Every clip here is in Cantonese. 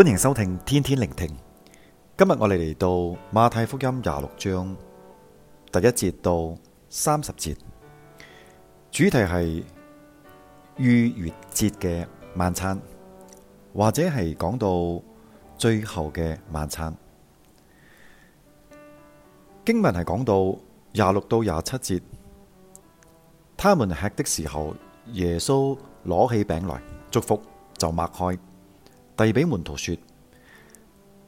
歡迎收聽天天聆聽，今日我哋嚟到馬太福音廿六章第一節到三十節，主題係逾越節嘅晚餐，或者係講到最後嘅晚餐。經文係講到廿六到廿七節，他們吃的時候，耶穌攞起餅來，祝福就擘開。遞俾門徒說：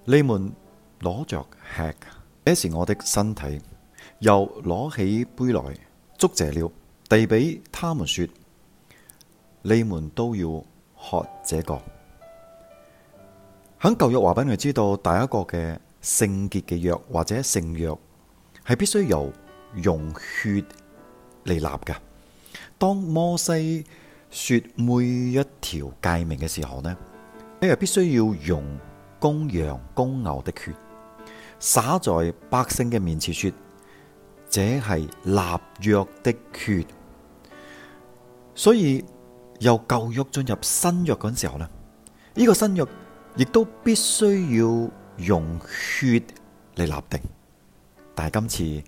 你們攞著吃，這是我的身體。又攞起杯來，祝謝了，遞俾他們說：你們都要喝這個。喺舊約話畀你知道，第一個嘅聖潔嘅約或者聖約，係必須由用血嚟立嘅。當摩西說每一條誡命嘅時候呢，你又必須要用公羊、公牛的血灑在百姓嘅面前，說：這係立約的血。所以由舊約進入新約嗰陣時候咧，呢、這個新約亦都必須要用血嚟立定。但係今次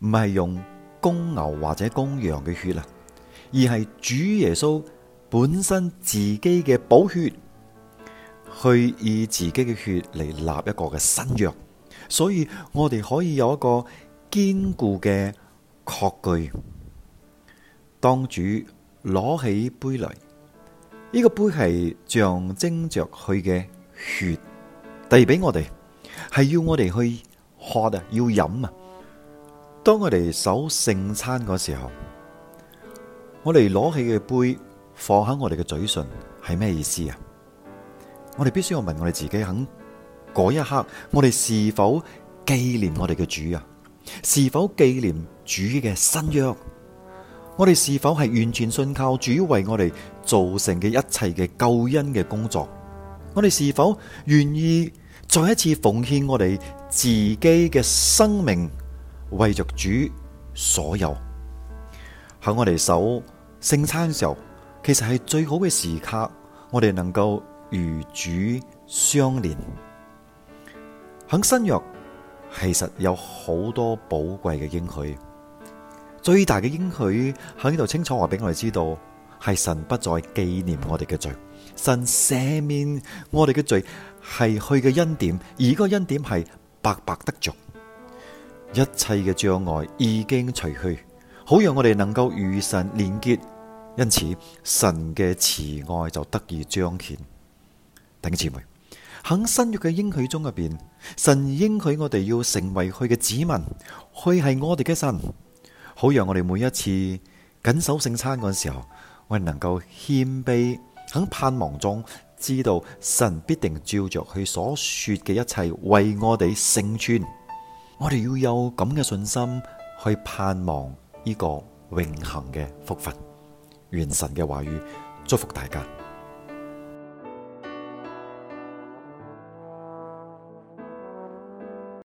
唔係用公牛或者公羊嘅血喇，而係主耶穌本身自己嘅寶血。佢以自己嘅血嚟立一個嘅新約，所以我哋可以有一個堅固嘅確據。當主攞起杯嚟，呢個杯係象徵着佢嘅血，遞俾我哋，係要我哋去喝啊，要飲啊。當我哋守聖餐嗰時候，我哋攞起嘅杯放喺我哋嘅嘴唇，係咩意思啊？我哋必須要問我哋自己，喺嗰一刻，我哋是否紀念我哋嘅主啊？是否紀念主嘅新約？我哋是否係完全信靠主為我哋做成嘅一切嘅救恩嘅工作？我哋是否願意再一次奉獻我哋自己嘅生命，為着主所有？喺我哋守聖餐嘅時候，其實係最好嘅時刻，我哋能夠。與主相連，喺新約其實有好多寶貴嘅應許，最大嘅應許喺呢度清楚話俾我哋知道，係神不再紀念我哋嘅罪，神赦免我哋嘅罪，係佢嘅恩典，而個恩典係白白得着，一切嘅障礙已經除去，好讓我哋能夠與神連結，因此神嘅慈愛就得以彰顯。弟兄姊妹，喺新約嘅應許中入邊，神應許我哋要成為佢嘅子民，佢係我哋嘅神，好讓我哋每一次緊守聖餐嗰個時候，我哋能夠謙卑，喺盼，盼望中知道神必定照着佢所說嘅一切為我哋成全，我哋要有咁嘅信心去盼望呢個永恆嘅福分。願神嘅話語祝福大家。